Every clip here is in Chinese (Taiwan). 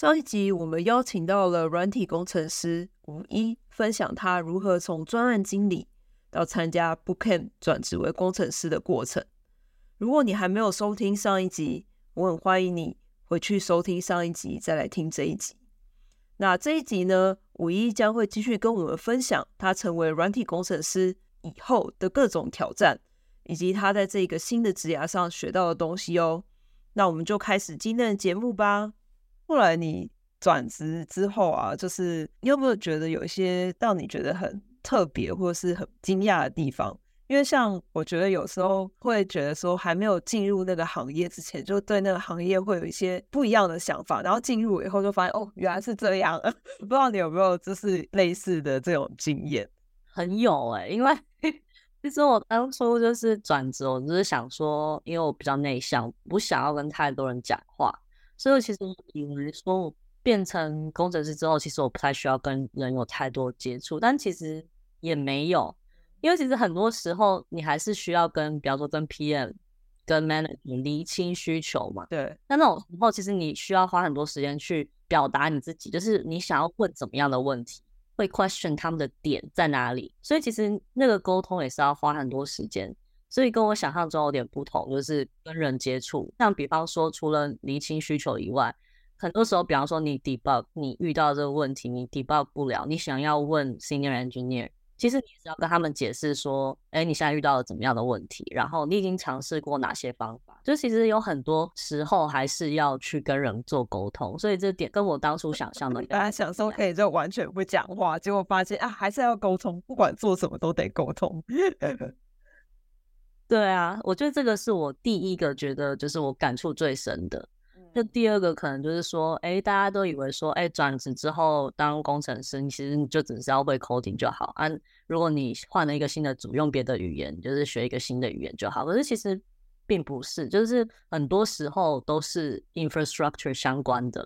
上一集我們邀請到了軟體工程師五一，分享他如何從專案經理到參加 Bootcamp 轉職為工程師的過程。如果你還沒有收聽上一集，我很歡迎你回去收聽上一集再來聽這一集。那這一集呢，五一將會繼續跟我們分享他成為軟體工程師以後的各種挑戰，以及他在這個新的職涯上學到的東西哦。那我們就開始今天的節目吧。後來你轉職之後啊，就是你有沒有覺得有一些讓你覺得很特別或是很驚訝的地方？因為像我覺得有時候會覺得說，還沒有進入那個行業之前，就對那個行業會有一些不一樣的想法，然後進入以後就發現，哦，原來是這樣。不知道你有沒有就是類似的這種經驗？很有哎、欸，因為 其實我當初就是轉職，我只是想說，因為我比較內向，不想要跟太多人講話。所以其實以為說我變成工程師之後，其實我不太需要跟人有太多接觸，但其實也沒有，因為其實很多時候你還是需要跟，比方說跟 PM、跟 Manager 釐清需求嘛。對。但那種時候，其實你需要花很多時間去表達你自己，就是你想要問怎麼樣的問題，會 question 他們的點在哪裡。所以其實那個溝通也是要花很多時間。所以跟我想象中有點不同，就是跟人接觸，像比方說，除了釐清需求以外，很多時候，比方說你 debug 你遇到這個問題，你 debug 不了，你想要問 senior engineer。其實你只要跟他們解釋說，哎、欸，你現在遇到了怎麼樣的問題，然後你已經嘗試過哪些方法，就其實有很多時候還是要去跟人做溝通。所以這點跟我當初想象的,的，大家想說可以就完全不講話，結果發現啊，還是要溝通，不管做什麼都得溝通。 對啊，我覺得這個是我第一個覺得就是我感觸最深的。那第二個可能就是說，誒大家都以為說，誒轉職之後當工程師，其實你就只是要會 coding 就好啊。如果你換了一個新的組，用別的語言，就是學一個新的語言就好。可是其實並不是，就是很多時候都是 infrastructure 相關的。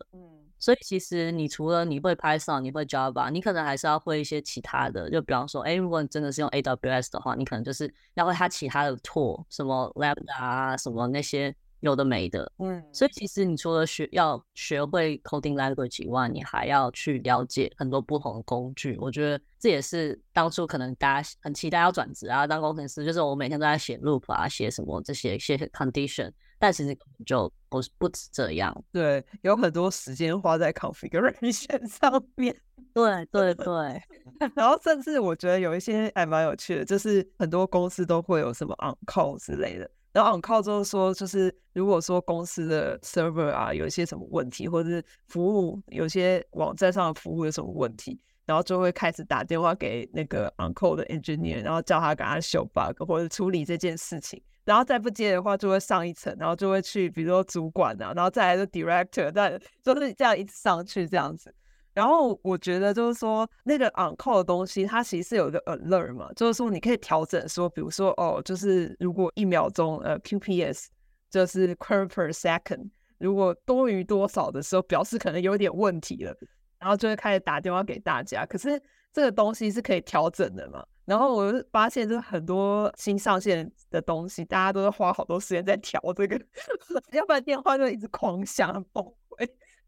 所以其實你除了你會 Python，你會 Java，你可能還是要會一些其他的，就比方說，哎、欸，如果你真的是用 AWS 的話，你可能就是要會它其他的 tool，什麼 Lambda 啊，什麼那些有的沒的。嗯。所以其實你除了學要學會 coding language 以外，你還要去了解很多不同的工具。我覺得這也是當初可能大家很期待要轉職啊，當工程師，就是我每天都在寫 loop 啊，寫什麼這些一些 condition。但其實可能就不是不止這樣，對，有很多時間花在 configuration 上面。對 對對，對對 然後甚至我覺得有一些還蠻有趣的，就是很多公司都會有什麼 on call 之類的。然後 on call 就是說，就是如果說公司的 server 啊有一些什麼問題，或者是服務有些網站上的服務有什麼問題，然後就會開始打電話給那個 on call 的 engineer，然後叫他給他修 bug 或者處理這件事情。然後再不接的話，就會上一層，然後就會去，比如說主管啊，然後再來就 director，但就是這樣一直上去這樣子。然後我覺得就是說，那個 on call 的東西，它其實是有一個 alert 嘛，就是說你可以調整說，說比如說哦，就是如果一秒鐘呃 QPS 就是 query per second，如果多於多少的時候，表示可能有點問題了，然後就會開始打電話給大家。可是這個東西是可以調整的嘛。然後我就發現，就是很多新上線的東西，大家都是花好多時間在調這個， 要不然電話就一直狂響不回。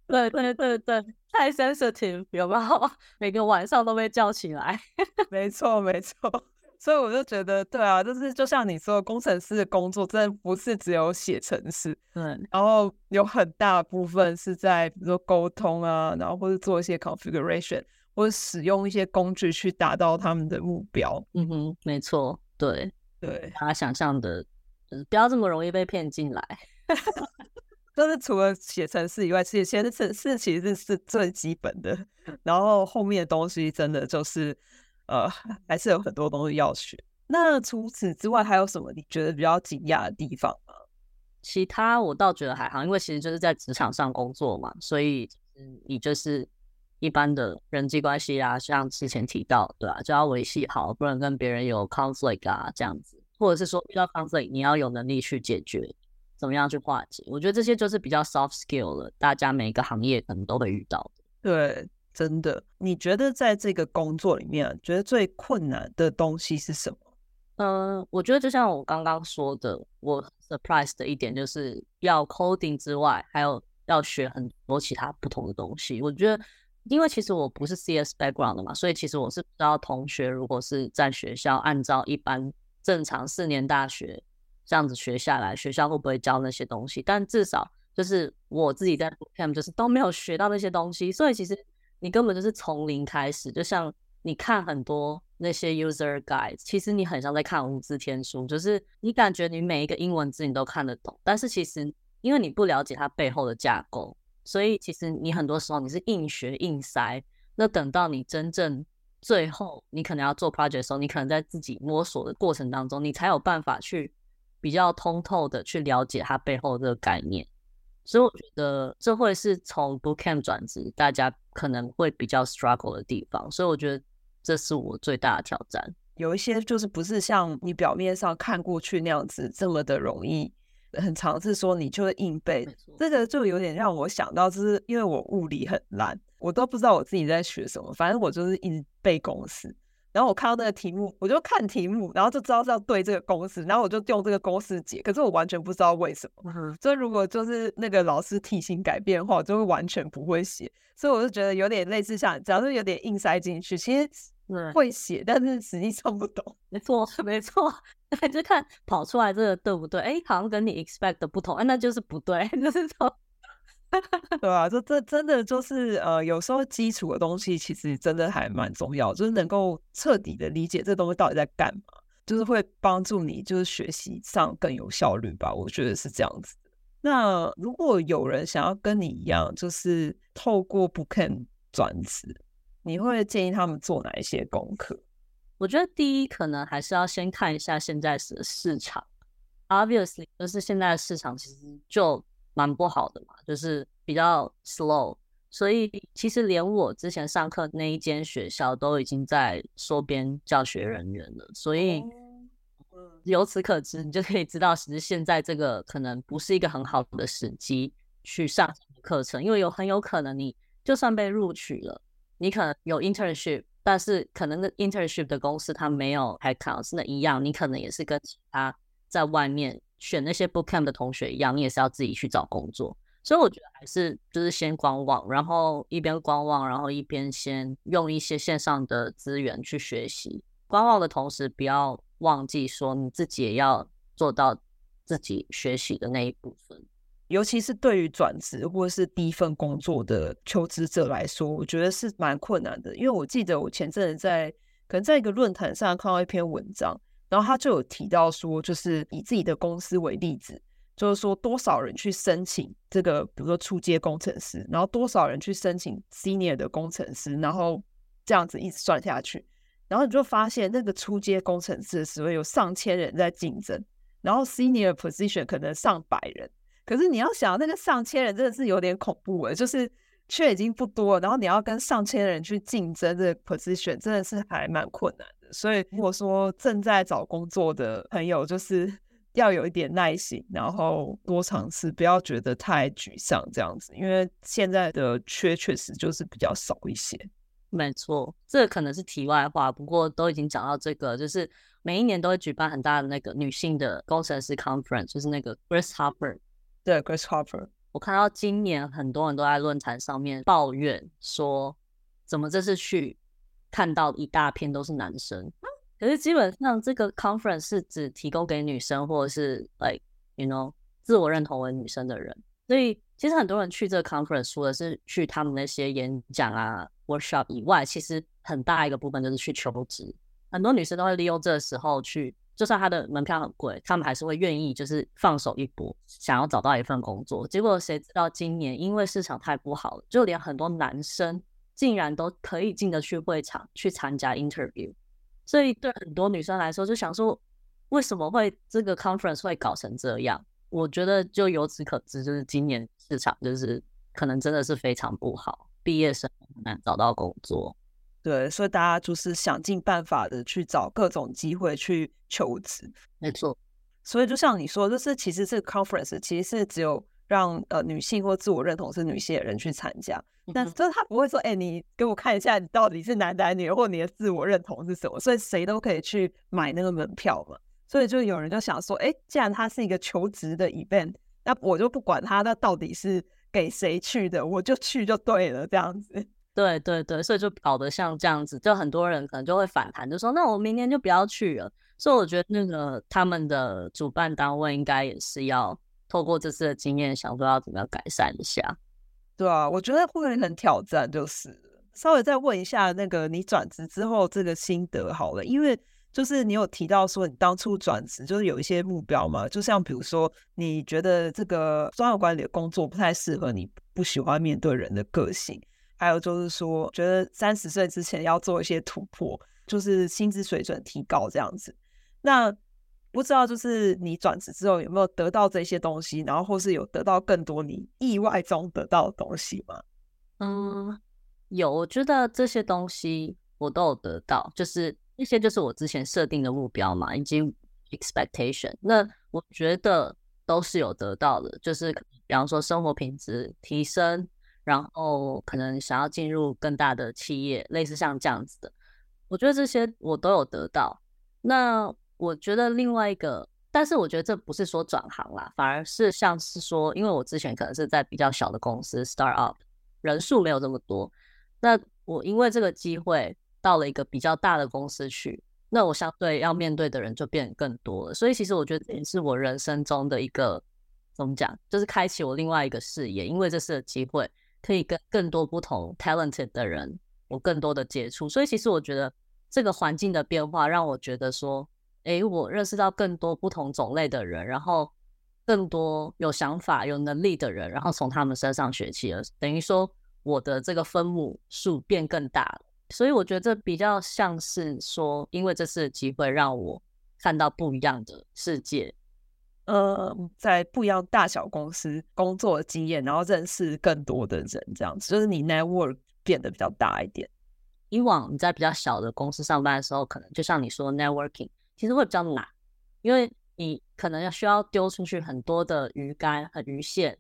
對對對對，太 sensitive 有沒有？每個晚上都被叫起來。 沒錯沒錯，所以我就覺得，對啊，就是就像你說的，工程師的工作真的不是只有寫程式，嗯，然後有很大部分是在比如說溝通啊，然後或是做一些 configuration。或者使用一些工具去達到他們的目標。嗯哼，沒錯，對對，他想象的就是不要這麼容易被騙進來。 就是除了寫程式以外，其寫寫程式其實是是最基本的。然後後面的東西真的就是呃，還是有很多東西要學。那除此之外，還有什麼你覺得比較驚訝的地方嗎？其他我倒覺得還好，因為其實就是在職場上工作嘛，所以就你就是。一般的人際關係啊，像之前提到的，對啊，就要維繫好，不能跟別人有 conflict 啊，這樣子，或者是說遇到 conflict，你要有能力去解決，怎麼樣去化解？我覺得這些就是比較 soft skill 了，大家每個行業可能都會遇到。對，真的。你覺得在這個工作裡面，覺得最困難的東西是什麼？嗯、呃，我覺得就像我剛剛說的，我 surprise 的一點就是要 coding 之外，還有要學很多其他不同的東西。我覺得。因為其實我不是 CS background 的嘛，所以其實我是不知道同學如果是在學校按照一般正常四年大學這樣子學下來，學校會不會教那些東西。但至少就是我自己在 Bootcamp 就是都沒有學到那些東西，所以其實你根本就是從零開始。就像你看很多那些 User Guide，其實你很像在看無字天書，就是你感覺你每一個英文字你都看得懂，但是其實因為你不了解它背後的架構。所以其實你很多時候你是硬學硬塞，那等到你真正最後你可能要做 project 的時候，你可能在自己摸索的過程當中，你才有辦法去比較通透的去了解它背後的這個概念。所以我覺得這會是從 bootcamp 轉職大家可能會比較 struggle 的地方，所以我覺得這是我最大的挑戰。有一些就是不是像你表面上看過去那樣子這麼的，的容易。很常是說，你就是硬背，這個就有點讓我想到，就是因為我物理很爛，我都不知道我自己在學什麼，反正我就是一直背公式。然後我看到那個題目，我就看題目，然後就知道是要對這個公式，然後我就用這個公式解。可是我完全不知道為什麼。所、嗯、以如果就是那個老師題型改變的話，我就會完全不會寫。所以我就覺得有點類似像，像只要是有點硬塞進去，其實會寫、嗯，但是實際上不懂。沒錯，沒錯。 就看跑出來這個對不對？哎、欸，好像跟你 expect 的不同，啊、那就是不對，就是說， 對啊，這這真的就是呃，有時候基礎的東西其實真的還蠻重要，就是能夠徹底的理解這東西到底在幹嘛，就是會幫助你就是學習上更有效率吧，我覺得是這樣子。那如果有人想要跟你一樣，就是透過 Bootcamp 轉職，你會建議他們做哪一些功課？我覺得第一可能還是要先看一下現在的市場，Obviously，就是現在市場其實就蠻不好的嘛，就是比較 slow，所以其實連我之前上課那一間學校都已經在縮編教學人員了，所以由此可知，你就可以知道，其實現在這個可能不是一個很好的時機去上課程，因為有很有可能你就算被錄取了，你可能有 internship。但是可能那 internship 的公司它沒有 headcount，那一樣，你可能也是跟其他在外面選那些 bootcamp 的同學一樣，你也是要自己去找工作。所以我覺得還是就是先觀望，然後一邊觀望，然後一邊先用一些線上的資源去學習。觀望的同時，不要忘記說你自己也要做到自己學習的那一部分。尤其是對於轉職或者是第一份工作的求職者來說，我覺得是蠻困難的。因為我記得我前陣子在可能在一個論壇上看到一篇文章，然後他就有提到說，就是以自己的公司為例子，就是說多少人去申請這個，比如說初階工程師，然後多少人去申請 senior 的工程師，然後這樣子一直算下去，然後你就發現那個初階工程師的職位有上千人在競爭，然後 senior position 可能上百人。可是你要想，那個上千人真的是有點恐怖耶，就是缺已經不多，然後你要跟上千人去競爭這個 position，真的是還蠻困難的。所以如果說正在找工作的朋友，就是要有一點耐心，然後多嘗試，不要覺得太沮喪這樣子，因為現在的缺確實就是比較少一些。沒錯，這個、可能是題外話，不過都已經講到這個，就是每一年都會舉辦很大的那個女性的工程師 conference，就是那個 Grace Hopper 對，Grace Hopper 我看到今年很多人都在論壇上面抱怨說，怎麼這次去看到一大片都是男生。可是基本上這個 conference 是只提供給女生或者是 like you know 自我認同為女生的人。所以其實很多人去這個 conference，除了是去他們那些演講啊 workshop 以外，其實很大一個部分就是去求職。很多女生都會利用這個時候去。就算他的門票很貴，他們還是會願意就是放手一搏，想要找到一份工作。結果誰知道今年因為市場太不好了，就連很多男生竟然都可以進得去會場去參加 interview。所以對很多女生來說，就想說為什麼會這個 conference 會搞成這樣？我覺得就由此可知，就是今年市場就是可能真的是非常不好，畢業生很難找到工作。對，所以大家就是想盡辦法的去找各種機會去求職。沒錯，所以就像你說，就是其實這個 conference 其實是只有讓呃女性或自我認同是女性的人去參加，嗯、但就是他不會說，哎、欸，你給我看一下你到底是男男女，或你的自我認同是什麼？所以誰都可以去買那個門票嘛。所以就有人就想說，哎、欸，既然它是一個求職的 event，那我就不管它那到底是給誰去的，我就去就對了，這樣子。對對對，所以就搞得像這樣子，就很多人可能就會反彈，就說那我明年就不要去了。所以我覺得那個他們的主辦單位應該也是要透過這次的經驗，想說要怎麼樣改善一下。對啊，我覺得會很挑戰，就是稍微再問一下那個你轉職之後這個心得好了，因為就是你有提到說你當初轉職就是有一些目標嘛，就像比如說你覺得這個專業管理的工作不太適合你，不喜歡面對人的個性。還有就是說，覺得三十歲之前要做一些突破，就是薪資水準提高這樣子。那不知道就是你轉職之後有沒有得到這些東西，然後或是有得到更多你意外中得到的東西嗎？嗯，有，我覺得這些東西我都有得到，就是一些就是我之前設定的目標嘛，以及 expectation。那我覺得都是有得到的，就是比方說生活品質提升。然後可能想要進入更大的企業，類似像這樣子的，我覺得這些我都有得到。那我覺得另外一個，但是我覺得這不是說轉行啦，反而是像是說，因為我之前可能是在比較小的公司，start up，人數沒有這麼多。那我因為這個機會到了一個比較大的公司去，那我相對要面對的人就變更多了。所以其實我覺得這也是我人生中的一個怎麼講，就是開啟我另外一個視野，因為這是個機會。可以跟更多不同 talented 的人，有更多的接觸，所以其實我覺得這個環境的變化讓我覺得說，誒，我認識到更多不同種類的人，然後更多有想法、有能力的人，然後從他們身上學習了，等於說我的這個分母數變更大了，所以我覺得比較像是說，因為這次機會讓我看到不一樣的世界。呃，在不一樣大小公司工作經驗，然後認識更多的人，這樣子就是你 network 變得比較大一點。以往你在比較小的公司上班的時候，可能就像你說的 networking，其實會比較難，因為你可能要需要丟出去很多的魚竿和魚線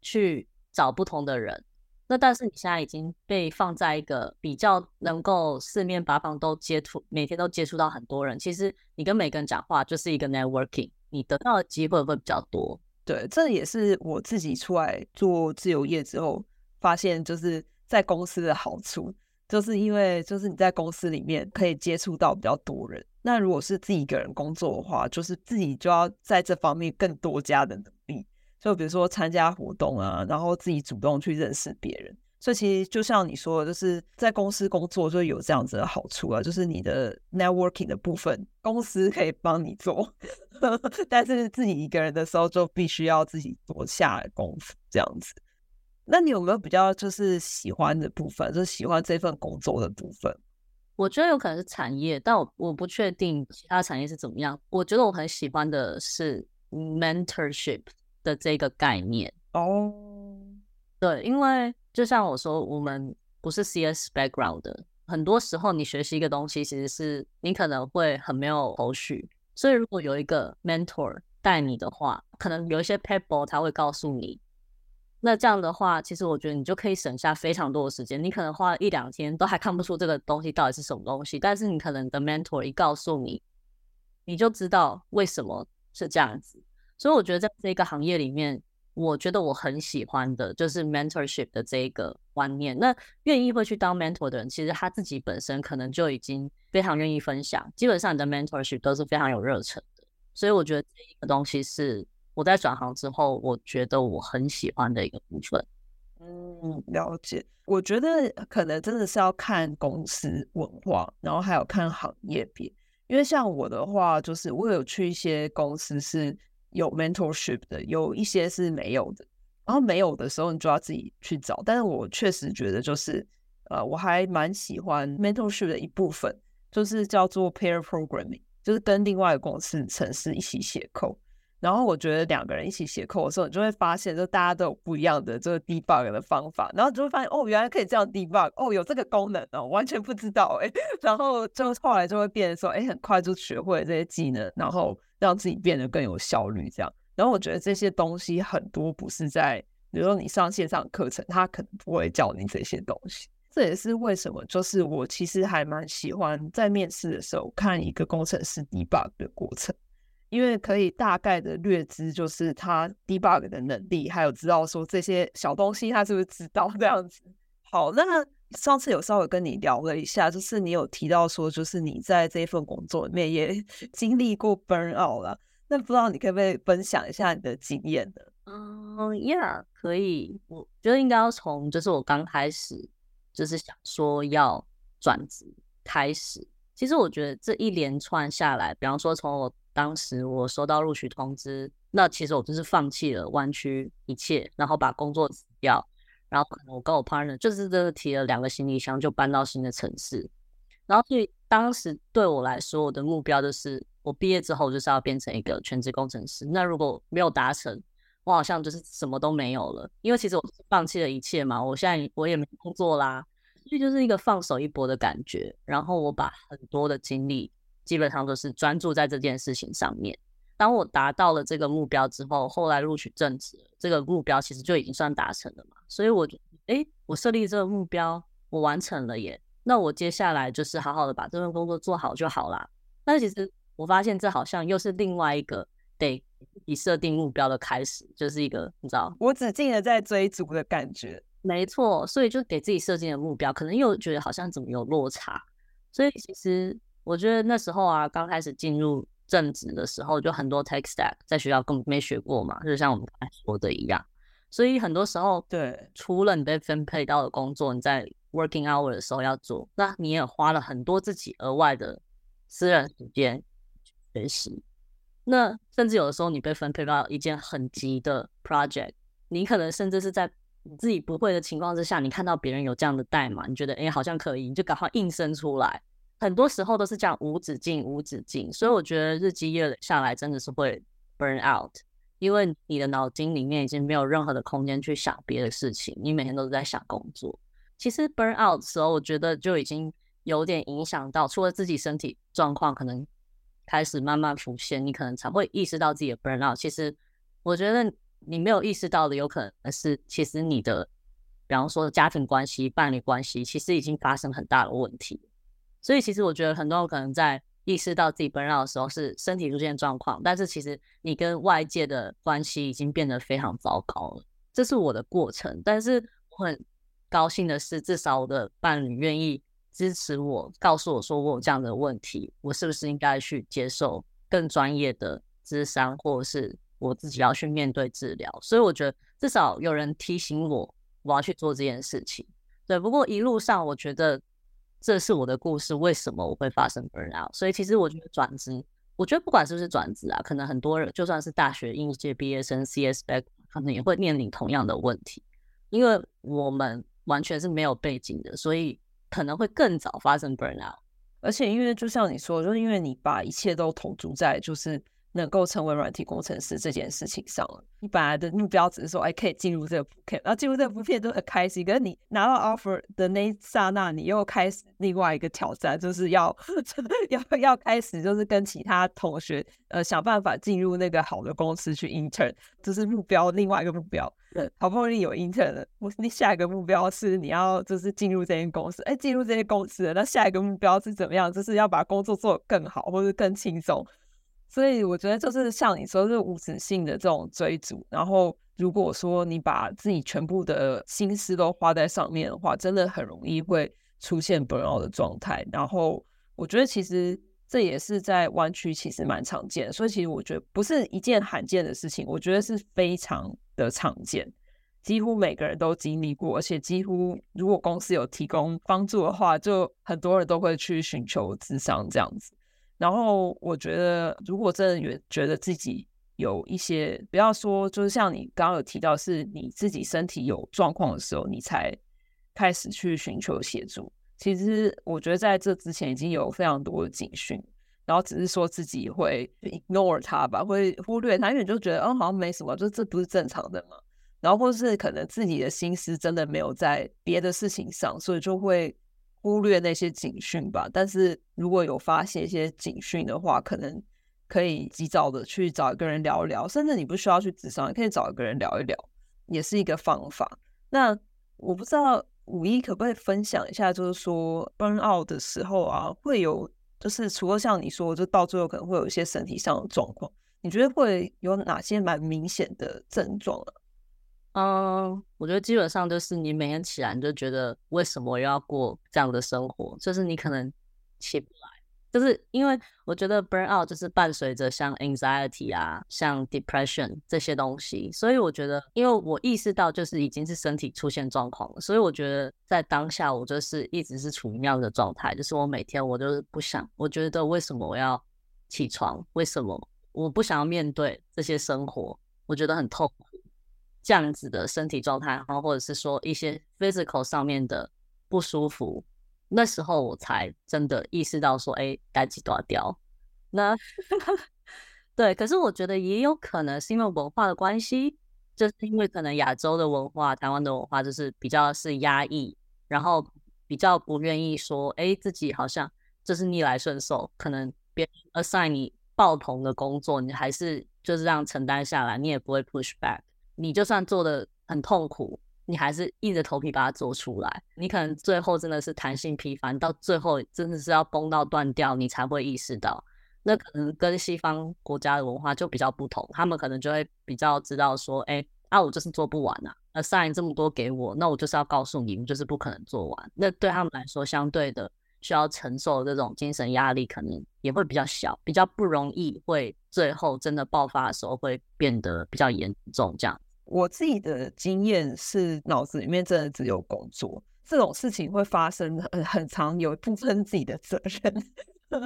去找不同的人。那但是你現在已經被放在一個比較能夠四面八方都接觸，每天都接觸到很多人，其實你跟每個人講話就是一個 networking。你得到的機會會比較多，對，這也是我自己出來做自由業之後發現，就是在公司的好處，就是因為就是你在公司裡面可以接觸到比較多人。那如果是自己一個人工作的話，就是自己就要在這方面更多加的努力，就比如說參加活動啊，然後自己主動去認識別人。所以其實就像你說的，就是在公司工作就有這樣子的好處啊，就是你的 networking 的部分，公司可以幫你做， 但是自己一個人的時候就必須要自己多下功夫這樣子。那你有沒有比較就是喜歡的部分，就是喜歡這份工作的部分？我覺得有可能是產業，但我我不確定其他產業是怎麼樣。我覺得我很喜歡的是 mentorship 的這個概念哦，oh. 對，因為。就像我說，我們不是 CS background 的，很多時候你學習一個東西，其實是你可能會很沒有頭緒。所以如果有一個 mentor 帶你的話，可能有一些 people 他會告訴你。那這樣的話，其實我覺得你就可以省下非常多的時間。你可能花了一兩天都還看不出這個東西到底是什麼東西，但是你可能的 mentor 一告訴你，你就知道為什麼是這樣子。所以我覺得在這個行業裡面。我覺得我很喜歡的就是 mentorship 的這一個觀念。那願意會去當 mentor 的人，其實他自己本身可能就已經非常願意分享。基本上你的 mentorship 都是非常有熱忱的。所以我覺得這一個東西是我在轉行之後，我覺得我很喜歡的一個部分。嗯，了解。我覺得可能真的是要看公司文化，然後還有看行業別。因為像我的話，就是我有去一些公司是。有 mentorship 的，有一些是沒有的。然後沒有的時候，你就要自己去找。但是我確實覺得，就是呃，我還蠻喜歡 mentorship 的一部分，就是叫做 pair programming，就是跟另外一個公司、城市一起寫 code。然後我覺得兩個人一起寫 code 的時候，你就會發現，就大家都有不一樣的這個 debug 的方法。然後你就會發現，哦，原來可以這樣 debug，哦，有這個功能哦，完全不知道、哎。然後就後來就會變成說，哎，很快就學會了這些技能，然後。讓自己變得更有效率，這樣。然後我覺得這些東西很多不是在，比如說你上線上的課程，他可能不會教你這些東西。這也是為什麼，就是我其實還蠻喜歡在面試的時候看一個工程師 debug 的過程，因為可以大概的略知，就是他 debug 的能力，還有知道說這些小東西他是不是知道這樣子。好，那。上次有稍微跟你聊了一下，就是你有提到說，就是你在這份工作裡面也經歷過 burn out 了，那不知道你可以不可以分享一下你的經驗呢？嗯，uh，Yeah，可以。我覺得應該要從就是我剛開始就是想說要轉職開始。其實我覺得這一連串下來，比方說從我當時我收到錄取通知，那其實我就是放棄了彎曲一切，然後把工作辭掉。然後我跟我 partner 就是這個提了兩個行李箱就搬到新的城市，然後所以當時對我來說，我的目標就是我畢業之後就是要變成一個全職工程師。那如果沒有達成，我好像就是什麼都沒有了，因為其實我放棄了一切嘛。我現在我也沒工作啦，所以就是一個放手一搏的感覺。然後我把很多的精力基本上都是專注在這件事情上面。當我達到了這個目標之後，後來錄取正職這個目標其實就已經算達成了嘛。所以我，我誒，我設立這個目標，我完成了耶。那我接下來就是好好的把這份工作做好就好啦。但是，其實我發現，這好像又是另外一個得以設定目標的開始，就是一個你知道，無止境的在追逐的感覺。沒錯，所以就給自己設定的目標，可能又覺得好像怎麼有落差。所以，其實我覺得那時候啊，剛開始進入。正職的時候，就很多 tech stack 在學校更沒學過嘛，就是、像我們剛才說的一樣，所以很多時候，對，除了你被分配到的工作，你在 working hour 的時候要做，那你也花了很多自己額外的私人時間學習。那甚至有的時候，你被分配到一件很急的 project，你可能甚至是在你自己不會的情況之下，你看到別人有這樣的代碼，你覺得哎、欸、好像可以，你就趕快應聲出來。很多時候都是這樣無止境、無止境，所以我覺得日積月累下來真的是會 burn out，因為你的腦筋裡面已經沒有任何的空間去想別的事情，你每天都是在想工作。其實 burn out 的時候，我覺得就已經有點影響到，除了自己身體狀況，可能開始慢慢浮現，你可能才會意識到自己的 burn out。其實我覺得你沒有意識到的，有可能是其實你的，比方說家庭關係、伴侶關係，其實已經發生很大的問題。所以其實我覺得，很多人可能在意識到自己不 r 的時候，是身體出現狀況，但是其實你跟外界的關係已經變得非常糟糕了。這是我的過程，但是我很高興的是，至少我的伴侶願意支持我，告訴我說我有這樣的問題，我是不是應該去接受更專業的智商？或者是我自己要去面對治療。所以我覺得，至少有人提醒我，我要去做這件事情。對，不過一路上我覺得。這是我的故事，為什麼我會發生 burnout？所以其實我覺得轉職，我覺得不管是不是轉職啊，可能很多人就算是大學應屆畢業生 CS background，可能也會面臨同樣的問題，因為我們完全是沒有背景的，所以可能會更早發生 burnout。而且因為就像你說，就是因為你把一切都投注在就是。能夠成為軟體工程師這件事情上了，你本來的目標只是說，哎，可以進入這個 Bootcamp，然後進入這個 Bootcamp 都很開心。可是你拿到 offer 的那一剎那，你又開始另外一個挑戰，就是要 要要開始，就是跟其他同學呃想辦法進入那個好的公司去 intern，就是目標另外一個目標。好不容易有 intern 了，我你下一個目標是你要就是進入這間公司，哎、欸，進入這間公司了，那下一個目標是怎麼樣？就是要把工作做得更好，或是更輕鬆。所以我覺得就是像你說的，無止境的這種追逐。然後如果說你把自己全部的心思都花在上面的話，真的很容易會出現 burnout 的狀態。然後我覺得其實這也是在灣區其實蠻常見，所以其實我覺得不是一件罕見的事情，我覺得是非常的常見，幾乎每個人都經歷過。而且幾乎如果公司有提供幫助的話，就很多人都會去尋求諮商這樣子。然後我覺得，如果真的覺覺得自己有一些，不要說就是像你剛剛有提到，是你自己身體有狀況的時候，你才開始去尋求協助。其實我覺得在這之前已經有非常多的警訊，然後只是說自己會 ignore 它吧，會忽略他，因為你就覺得嗯、哦、好像沒什麼，就，這不是正常的嘛。然後或是可能自己的心思真的沒有在別的事情上，所以就會。忽略那些警訊吧，但是如果有發現一些警訊的話，可能可以及早的去找一個人聊一聊，甚至你不需要去諮商，也可以找一個人聊一聊，也是一個方法。那我不知道五一可不可以分享一下，就是說 burn out 的時候啊，會有就是除了像你說，就到最後可能會有一些身體上的狀況，你覺得會有哪些蠻明顯的症狀啊？嗯、uh，我覺得基本上就是你每天起來，你就覺得為什麼我要過這樣的生活？就是你可能起不來，就是因為我覺得 burn out 就是伴隨着像 anxiety 啊，像 depression 這些東西。所以我覺得，因為我意識到就是已經是身體出現狀況了，所以我覺得在當下我就是一直是處於那樣的狀態。就是我每天我就是不想，我覺得為什麼我要起床？為什麼我不想要面對這些生活？我覺得很痛。這樣子的身體狀態，然、啊、後或者是說一些 physical 上面的不舒服，那時候我才真的意識到說，哎、欸，代誌大條。那 對，可是我覺得也有可能是因為文化的關係，就是因為可能亞洲的文化、臺灣的文化就是比較是壓抑，然後比較不願意說，哎、欸，自己好像就是逆來順受，可能別人 assign 你爆棚的工作，你還是就是這樣承擔下來，你也不會 push back。你就算做的很痛苦，你還是硬着頭皮把它做出來。你可能最後真的是彈性疲乏，到最後真的是要崩到斷掉，你才會意識到。那可能跟西方國家的文化就比較不同，他們可能就會比較知道說，哎、欸，啊，我就是做不完啊。那塞這麼多給我，那我就是要告訴你，我就是不可能做完。那對他們來說，相對的需要承受的這種精神壓力，可能也會比較小，比較不容易會最後真的爆發的時候會變得比較嚴重這樣。我自己的經驗是，腦子裡面真的只有工作這種事情會發生很，很常有部分自己的責任。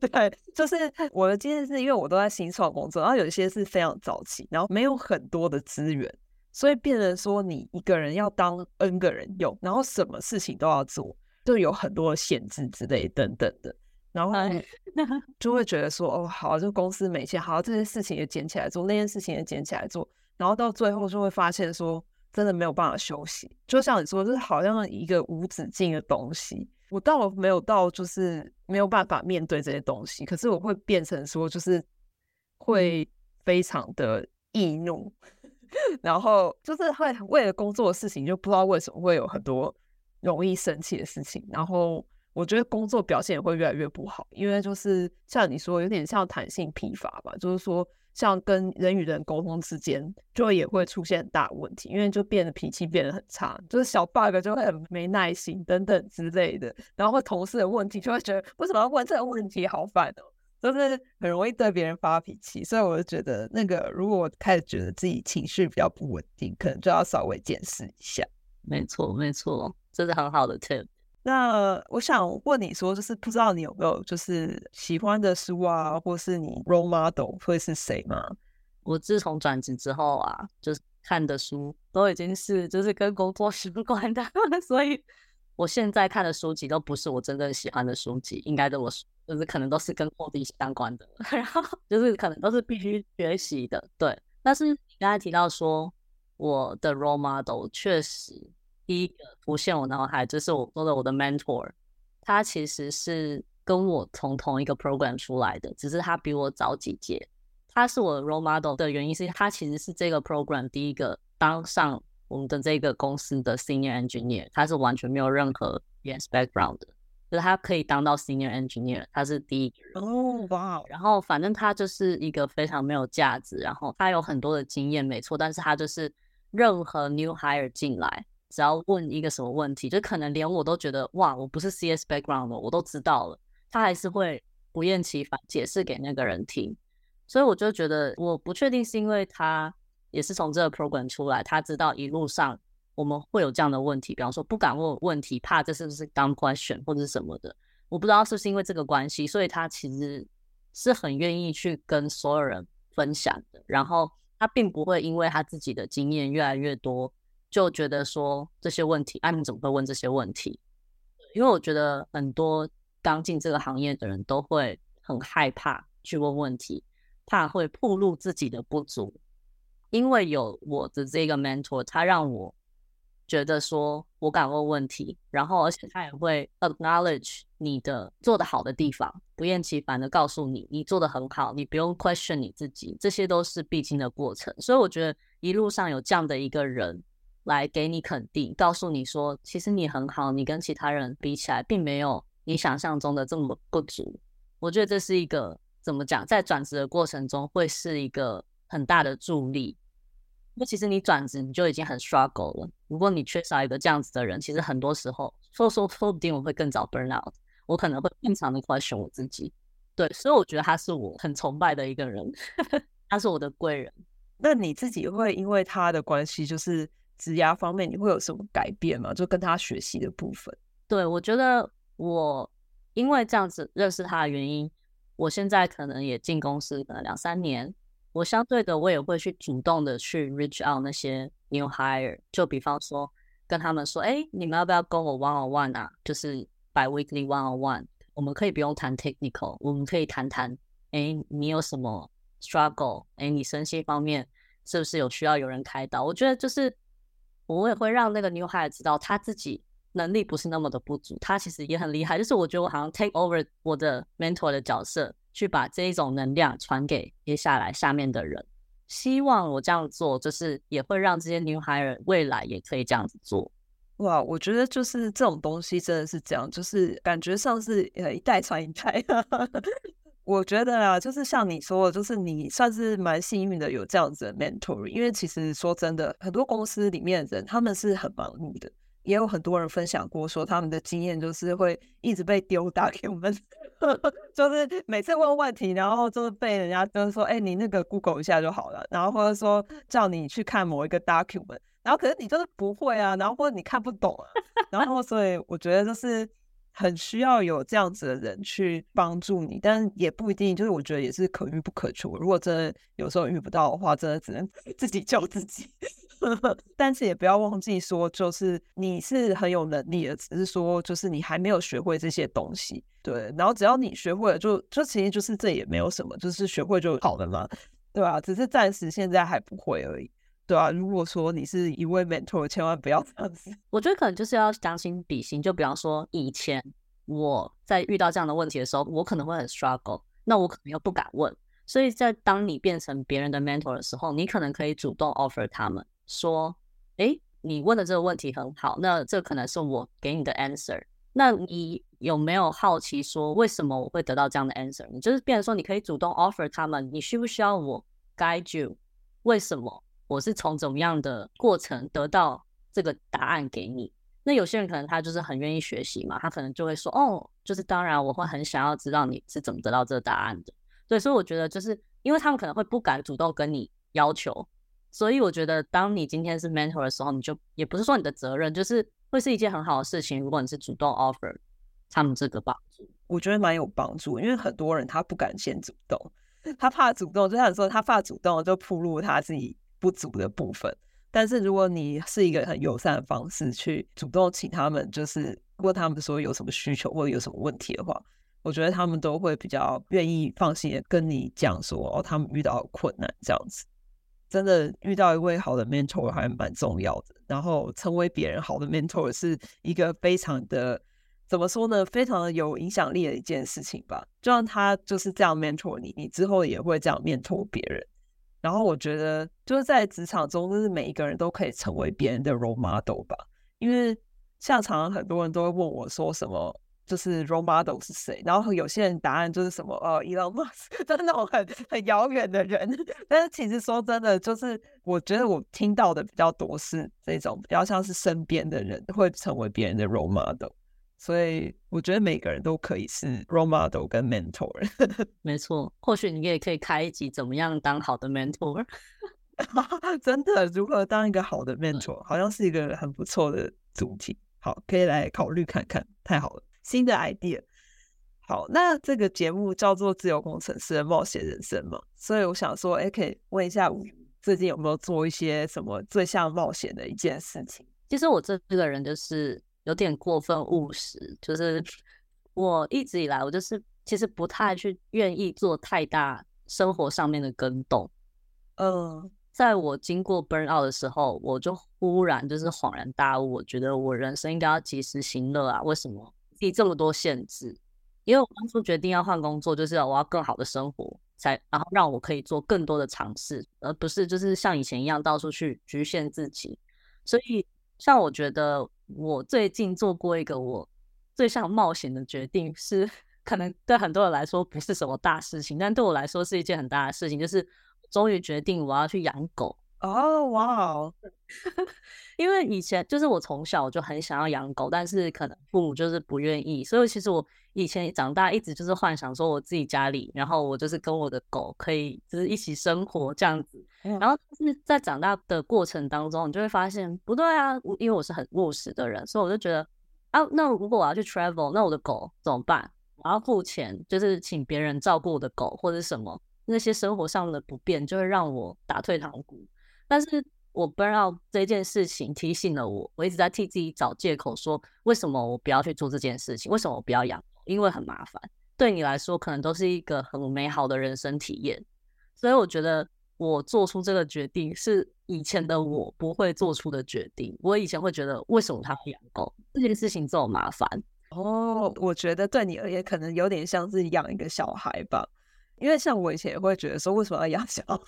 對，就是我的經驗是因為我都在新創工作，然後有一些是非常早期，然後沒有很多的資源，所以變成說你一個人要當 N 個人用，然後什麼事情都要做，就有很多的限制之類等等的。然後就會覺得說，哦，好啊，就公司沒錢，好啊，這些事情也撿起來做，那件事情也撿起來做，然後到最後就會發現說，真的沒有辦法休息。就像你說，就是好像一個無止境的東西。我倒沒有到，就是沒有辦法面對這些東西，可是我會變成說，就是會非常的易怒， 然後就是會為了工作的事情，就不知道為什麼會有很多容易生氣的事情，然後。我覺得工作表現也會越來越不好，因為就是像你說，有點像彈性疲乏吧，就是說像跟人與人溝通之間，就也會出現很大問題，因為就變得脾氣變得很差，就是小 bug 就會很沒耐心等等之類的，然後同事的問題就會覺得為什麼要問這個問題，好煩哦，喔，就是很容易對別人發脾氣，所以我就覺得那個如果我開始覺得自己情緒比較不穩定，可能就要稍微檢視一下。沒錯，沒錯，這是很好的 tip。那我想問你說，就是不知道你有沒有就是喜歡的書啊，或是你 role model 會是誰嗎、嗯？我自從轉職之後啊，就是看的書都已經是就是跟工作相關的，所以我現在看的書籍都不是我真正喜歡的書籍，應該都我就是可能都是跟貨幣相關的， 然後就是可能都是必須學習的。對，但是你剛才提到說，我的 role model 確實。第一個浮現我腦海就是我說的我的 mentor，他其實是跟我從同一個 program 出來的，只是他比我早幾屆。他是我的 role model 的原因是他其實是這個 program 第一個當上我們的這個公司的 senior engineer，他是完全沒有任何 CS background 的，就是他可以當到 senior engineer，他是第一個人。哦，哇！然後反正他就是一個非常沒有價值，然後他有很多的經驗，沒錯，但是他就是任何 new hire 進來。只要問一個什麼問題，就可能連我都覺得哇，我不是 CS background 的，我都知道了。他還是會不厭其煩解釋給那個人聽，所以我就覺得我不確定是因為他也是從這個 program 出來，他知道一路上我們會有這樣的問題，比方說不敢問問題，怕這是不是 dumb question，或者是什麼的。我不知道是不是因為這個關係，所以他其實是很願意去跟所有人分享的。然後他並不會因為他自己的經驗越來越多。就覺得說這些問題，啊，你怎麼會問這些問題？因為我覺得很多剛進這個行業的人都會很害怕去問問題，怕會暴露自己的不足。因為有我的這個 mentor，他讓我覺得說，我敢問問題，然後而且他也會 acknowledge 你的做的好的地方，不厭其煩的告訴你，你做的很好，你不用 question 你自己，這些都是必經的過程。所以我覺得一路上有這樣的一個人，來給你肯定，告訴你說，其實你很好，你跟其他人比起來，並沒有你想象中的這麼不足。我覺得這是一個怎麼講，在轉職的過程中會是一個很大的助力。那其實你轉職你就已經很 struggle 了，如果你缺少一個這樣子的人，其實很多時候，說說說不定我會更早 burn out，我可能會更常的過來兇我自己。對，所以我覺得他是我很崇拜的一個人， 他是我的貴人。那你自己會因為他的關係就是？職涯方面你會有什麼改變嗎？就跟他學習的部分。對，我覺得我因為這樣子認識他的原因，我現在可能也進公司可能兩三年，我相對的我也會去主動的去 reach out 那些 new hire，就比方說跟他們說，哎、欸，你們要不要跟我 one on one 啊？就是 bi-weekly one on one，我們可以不用談 technical，我們可以談談，哎、欸，你有什麼 struggle？哎、欸，你身心方面是不是有需要有人開導？我覺得就是。我也會讓那個女孩知道，她自己能力不是那麼的不足，她其實也很厲害。就是我覺得我好像 take over 我的 mentor 的角色，去把這一種能量傳給接下來下面的人。希望我這樣做，就是也會讓這些女孩未來也可以這樣子做。哇，我覺得就是這種東西真的是這樣，就是感覺像是呃一代傳一代，啊。 我覺得啊，就是像你說的，就是你算是蠻幸運的，有這樣子的 mentoring。因為其實說真的，很多公司裡面的人他們是很忙碌的，也有很多人分享過說他們的經驗，就是會一直被丟 document 就是每次問問題，然後就是被人家就是說，哎、欸，你那個 Google 一下就好了，然後或者說叫你去看某一個 document，然後可是你就是不會啊，然後或者你看不懂啊，然後所以我覺得就是。很需要有這樣子的人去幫助你，但是也不一定。就是我覺得也是可遇不可求。如果真的有時候遇不到的話，真的只能自己救自己。 但是也不要忘記說，就是你是很有能力的，只是說就是你還沒有學會這些東西。對，然後只要你學會了就，就就其實就是這也沒有什麼，就是學會就好了嘛，對吧、啊？只是暫時現在還不會而已。對啊，如果說你是一位 mentor，千萬不要這樣子。 我覺得可能就是要將心比心。就比方說，以前我在遇到這樣的問題的時候，我可能會很 struggle，那我可能又不敢問。所以在當你變成別人的 mentor 的時候，你可能可以主動 offer 他們說：“哎、欸，你問的這個問題很好，那這可能是我給你的 answer。那你有沒有好奇說，為什麼我會得到這樣的 answer？你就是，變成說，你可以主動 offer 他們，你需不需要我 guide you？為什麼？”我是從怎麼樣的過程得到這個答案給你？那有些人可能他就是很願意學習嘛，他可能就會說：“哦，就是當然，我會很想要知道你是怎麼得到這個答案的。”對，所以我覺得就是因為他們可能會不敢主動跟你要求，所以我覺得當你今天是 mentor 的時候，你就也不是說你的責任，就是會是一件很好的事情。如果你是主動 offer 他們這個幫助，我覺得蠻有幫助，因為很多人他不敢先主動，他怕主動，就像說他怕主動就暴露他自己。不足的部分，但是如果你是一個很友善的方式去主動請他們，就是問他們說有什麼需求或者有什麼問題的話，我覺得他們都會比較願意放心的跟你講說哦，他們遇到困難這樣子。真的遇到一位好的 mentor 還蠻重要的，然後成為別人好的 mentor 是一個非常的，怎麼說呢，非常的有影響力的一件事情吧。就像他就是這樣 mentor 你，你之後也會這樣 mentor 別人。然後我覺得就是在職場中，就是每一個人都可以成為別人的 role model 吧。因為像常常很多人都會問我說什麼，就是 role model 是誰。然後有些人答案就是什麼，呃、哦，Elon Musk， 就是那種很很遙遠的人。但是其實說真的，就是我覺得我聽到的比較多是這種，比較像是身邊的人會成為別人的 role model。所以我覺得每個人都可以是 role model 跟 mentor。沒錯，或許你也可以開一集怎麼樣當好的 mentor。 真的，如何當一個好的 mentor，好像是一個很不錯的主題。好，可以來考慮看看。太好了，新的 idea。好，那這個節目叫做《自由工程師的冒險人生》嘛，所以我想說，哎、欸，可以問一下我最近有沒有做一些什麼最像冒險的一件事情？其實我這這個人就是。有點過分務實，就是我一直以來，我就是其實不太去願意做太大生活上面的更動。嗯、uh，在我經過 burn out 的時候，我就忽然就是恍然大悟，我覺得我人生應該要及時行樂啊！為什麼自己這麼多限制？因為我當初決定要換工作，就是我要更好的生活，才然後讓我可以做更多的嘗試，而不是就是像以前一樣到處去局限自己。所以，像我覺得。我最近做過一個我最像冒險的決定，是可能對很多人來說不是什麼大事情，但對我來說是一件很大的事情，就是終於決定我要去養狗。哦、oh, 哇、wow，哦， 因為以前就是我從小就很想要養狗，但是可能父母就是不願意，所以其實我以前長大一直就是幻想說我自己家裡，然後我就是跟我的狗可以就是一起生活這樣子。然後是在長大的過程當中，你就會發現不對啊，因為我是很務實的人，所以我就覺得啊，那如果我要去 travel，那我的狗怎麼辦？我要付錢，就是請別人照顧我的狗或者什麼，那些生活上的不便就會讓我打退堂鼓。但是我 burnout 這件事情提醒了我，我一直在替自己找借口說，為什麼我不要去做這件事情？為什麼我不要養狗？因為很麻煩。對你來說，可能都是一個很美好的人生體驗。所以我覺得我做出這個決定是以前的我不會做出的決定。我以前會覺得，為什麼他會養狗？這件事情這麼麻煩。哦，我覺得對你而言，可能有點像是養一個小孩吧。因為像我以前也會覺得說，為什麼要養小孩？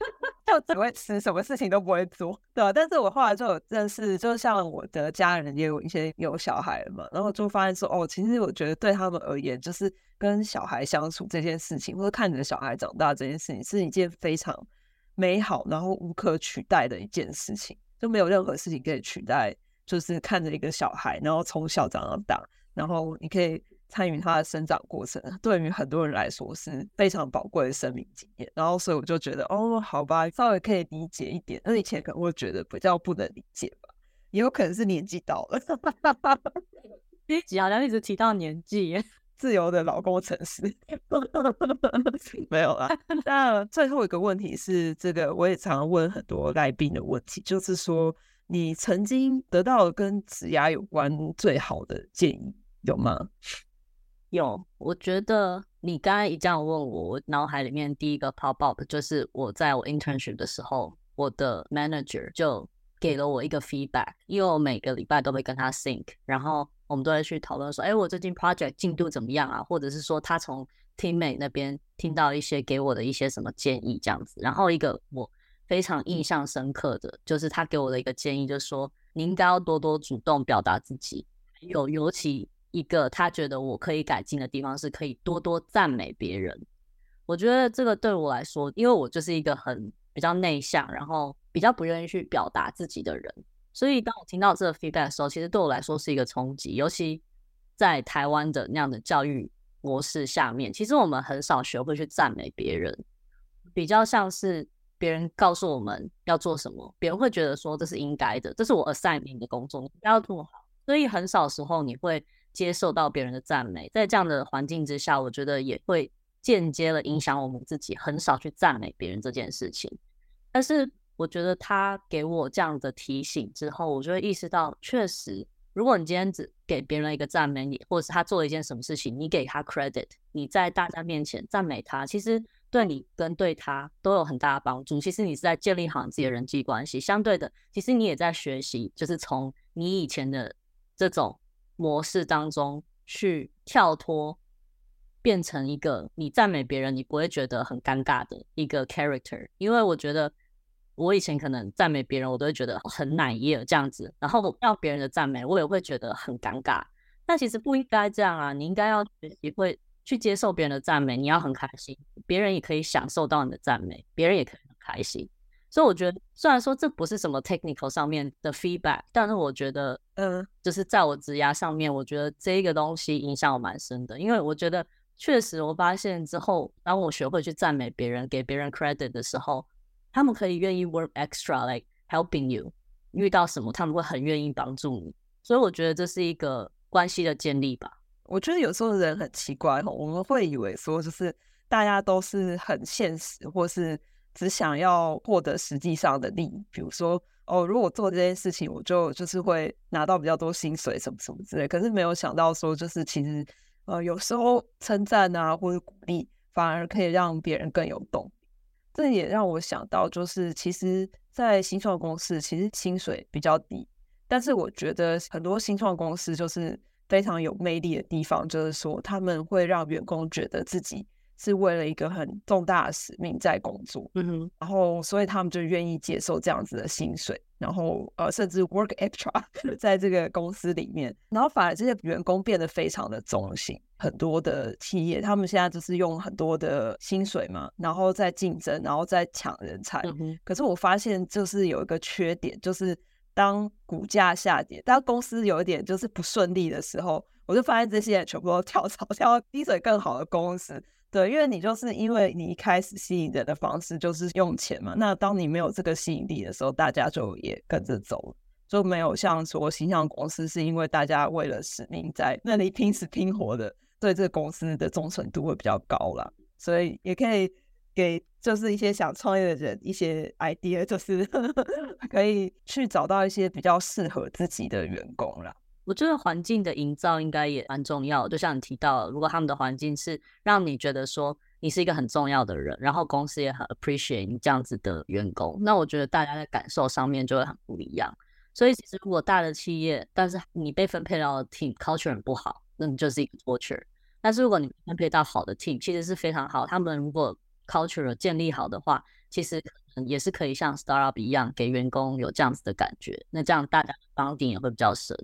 就只會吃，什麼事情都不會做，對啊，但是我後來就有認識，就像我的家人也有一些有小孩了嘛，然後就發現說，哦，其實我覺得對他們而言，就是跟小孩相處這件事情，或者看着小孩長大這件事情，是一件非常美好，然後無可取代的一件事情，就沒有任何事情可以取代，就是看着一個小孩，然後從小長到大，然後你可以。參與它的生長過程，對於很多人來說是非常寶貴的生命經驗。然後，所以我就覺得，哦，好吧，稍微可以理解一點。那以前可能會覺得比較不能理解吧，也有可能是年紀到了。這一集好像一直提到年紀，自由的老工程師。 沒有了、啊。那 最後一個問題是，這個我也常常問很多來賓的問題，就是說，你曾經得到跟職涯有關最好的建議有嗎？有，我覺得你剛剛一這樣問我，我腦海裡面第一個 pop up 就是我在我 internship 的時候，我的 manager 就給了我一個 feedback，因為我每個禮拜都會跟他 sync，然後我們都會去討論說，哎，我最近 project 進度怎麼樣啊？或者是說，他從 teammate 那邊聽到一些給我的一些什麼建議這樣子。然後一個我非常印象深刻的，就是他給我的一個建議，就是說你應該要多多主動表達自己，有尤其。一個他覺得我可以改進的地方，是可以多多讚美別人。我覺得這個對我來說，因為我就是一個很比較內向，然後比較不願意去表達自己的人。所以當我聽到這個 feedback 的時候，其實對我來說是一個衝擊。尤其在台灣的那樣的教育模式下面，其實我們很少學會去讚美別人，比較像是別人告訴我們要做什麼，別人會覺得說，這是應該的，這是我 assign 你的工作，你要做好。所以很少時候你會。接受到別人的讚美，在這樣的環境之下，我覺得也會間接的影響我們自己，很少去讚美別人這件事情。但是我覺得他給我這樣的提醒之後，我就會意識到，確實，如果你今天只給別人一個讚美，你或者是他做了一件什麼事情，你給他 credit，你在大家面前讚美他，其實對你跟對他都有很大的幫助。其實你是在建立好你自己的人際關係，相對的，其實你也在學習，就是從你以前的這種。模式當中去跳脫，變成一個你讚美別人你不會覺得很尷尬的一個 character，因為我覺得我以前可能讚美別人我都會覺得很難欸這樣子，然後我要別人的讚美我也會覺得很尷尬，但其實不應該這樣啊，你應該要學習會去接受別人的讚美，你要很開心，別人也可以享受到你的讚美，別人也可以很開心。所以我覺得，雖然說這不是什麼 technical 上面的 feedback，但是我覺得，嗯，就是在我職涯上面，嗯，我覺得這個東西影響我蠻深的。因為我覺得，確實我發現之後，當我學會去讚美別人、給別人 credit 的時候，他們可以願意 work extra, like helping you。遇到什麼，他們會很願意幫助你。所以我覺得這是一個關係的建立吧。我覺得有時候人很奇怪哦，我們會以為說，就是大家都是很現實，或是，只想要獲得實際上的利益，比如說哦，如果我做這件事情，我就就是會拿到比較多薪水，什麼什麼之類。可是沒有想到說，就是其實呃，有時候稱讚啊或者鼓勵，反而可以讓別人更有動力。這也讓我想到，就是其實，在新創公司，其實薪水比較低，但是我覺得很多新創公司就是非常有魅力的地方，就是說他們會讓員工覺得自己。是為了一個很重大的使命在工作，嗯哼，然後所以他們就願意接受這樣子的薪水，然後呃，甚至 work extra 在這個公司裡面，然後反而這些員工變得非常的忠心。很多的企業他們現在就是用很多的薪水嘛，然後在競爭，然後在搶人才。嗯、可是我發現就是有一個缺點，就是當股價下跌，當公司有一點就是不順利的時候，我就發現這些人全部都跳槽，跳到薪水更好的公司。對，因為你就是因為你一開始吸引人的方式就是用錢嘛。那當你沒有這個吸引力的時候，大家就也跟着走了，就沒有像說形象公司是因為大家為了使命在那裡拼死拼活的，對這個公司的忠誠度會比較高啦。所以也可以給就是一些想創業的人一些 idea，就是 可以去找到一些比較適合自己的員工啦。我覺得環境的營造應該也蠻重要，就像你提到，如果他們的環境是讓你覺得說你是一個很重要的人，然後公司也很 appreciate 你這樣子的員工，那我覺得大家的感受上面就會很不一樣。所以其實如果大的企業，但是你被分配到的 team culture 很不好，那你就是一個 torture。但是如果你分配到好的 team，其實是非常好。他們如果 culture 建立好的話，其實也是可以像 startup 一樣，給員工有這樣子的感覺。那這樣大家的幫 o 也會比較深。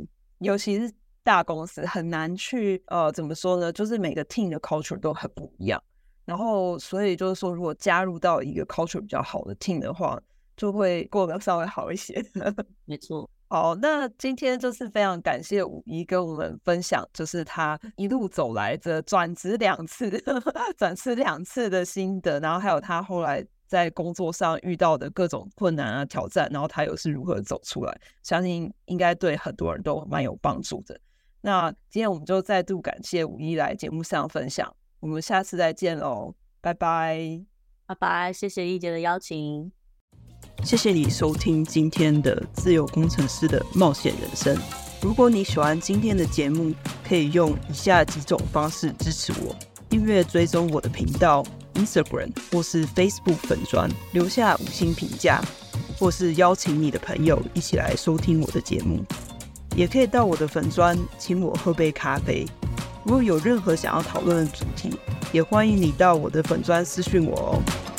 尤其是大公司很難去，呃，怎麼說呢？就是每個 team 的 culture 都很不一樣，然後所以就是說，如果加入到一個 culture 比較好的 team 的話，就會過得稍微好一些。 沒錯。好，那今天就是非常感謝五一跟我們分享，就是他一路走來這轉職兩次，轉職兩次的心得，然後還有他後來。在工作上遇到的各種困難啊、挑戰，然後他又是如何走出來？相信應該對很多人都蠻有幫助的。那今天我們就再度感謝五一來節目上分享，我們下次再見嘍，拜拜，拜拜。謝謝一姐的邀請，謝謝你收聽今天的《自由工程師的冒險人生》。如果你喜歡今天的節目，可以用以下幾種方式支持我：訂閱、追蹤我的頻道。Instagram 或是 Facebook 粉專留下五星評價，或是邀請你的朋友一起來收聽我的節目，也可以到我的粉專請我喝杯咖啡。如果有任何想要討論的主題，也歡迎你到我的粉專私訊我哦。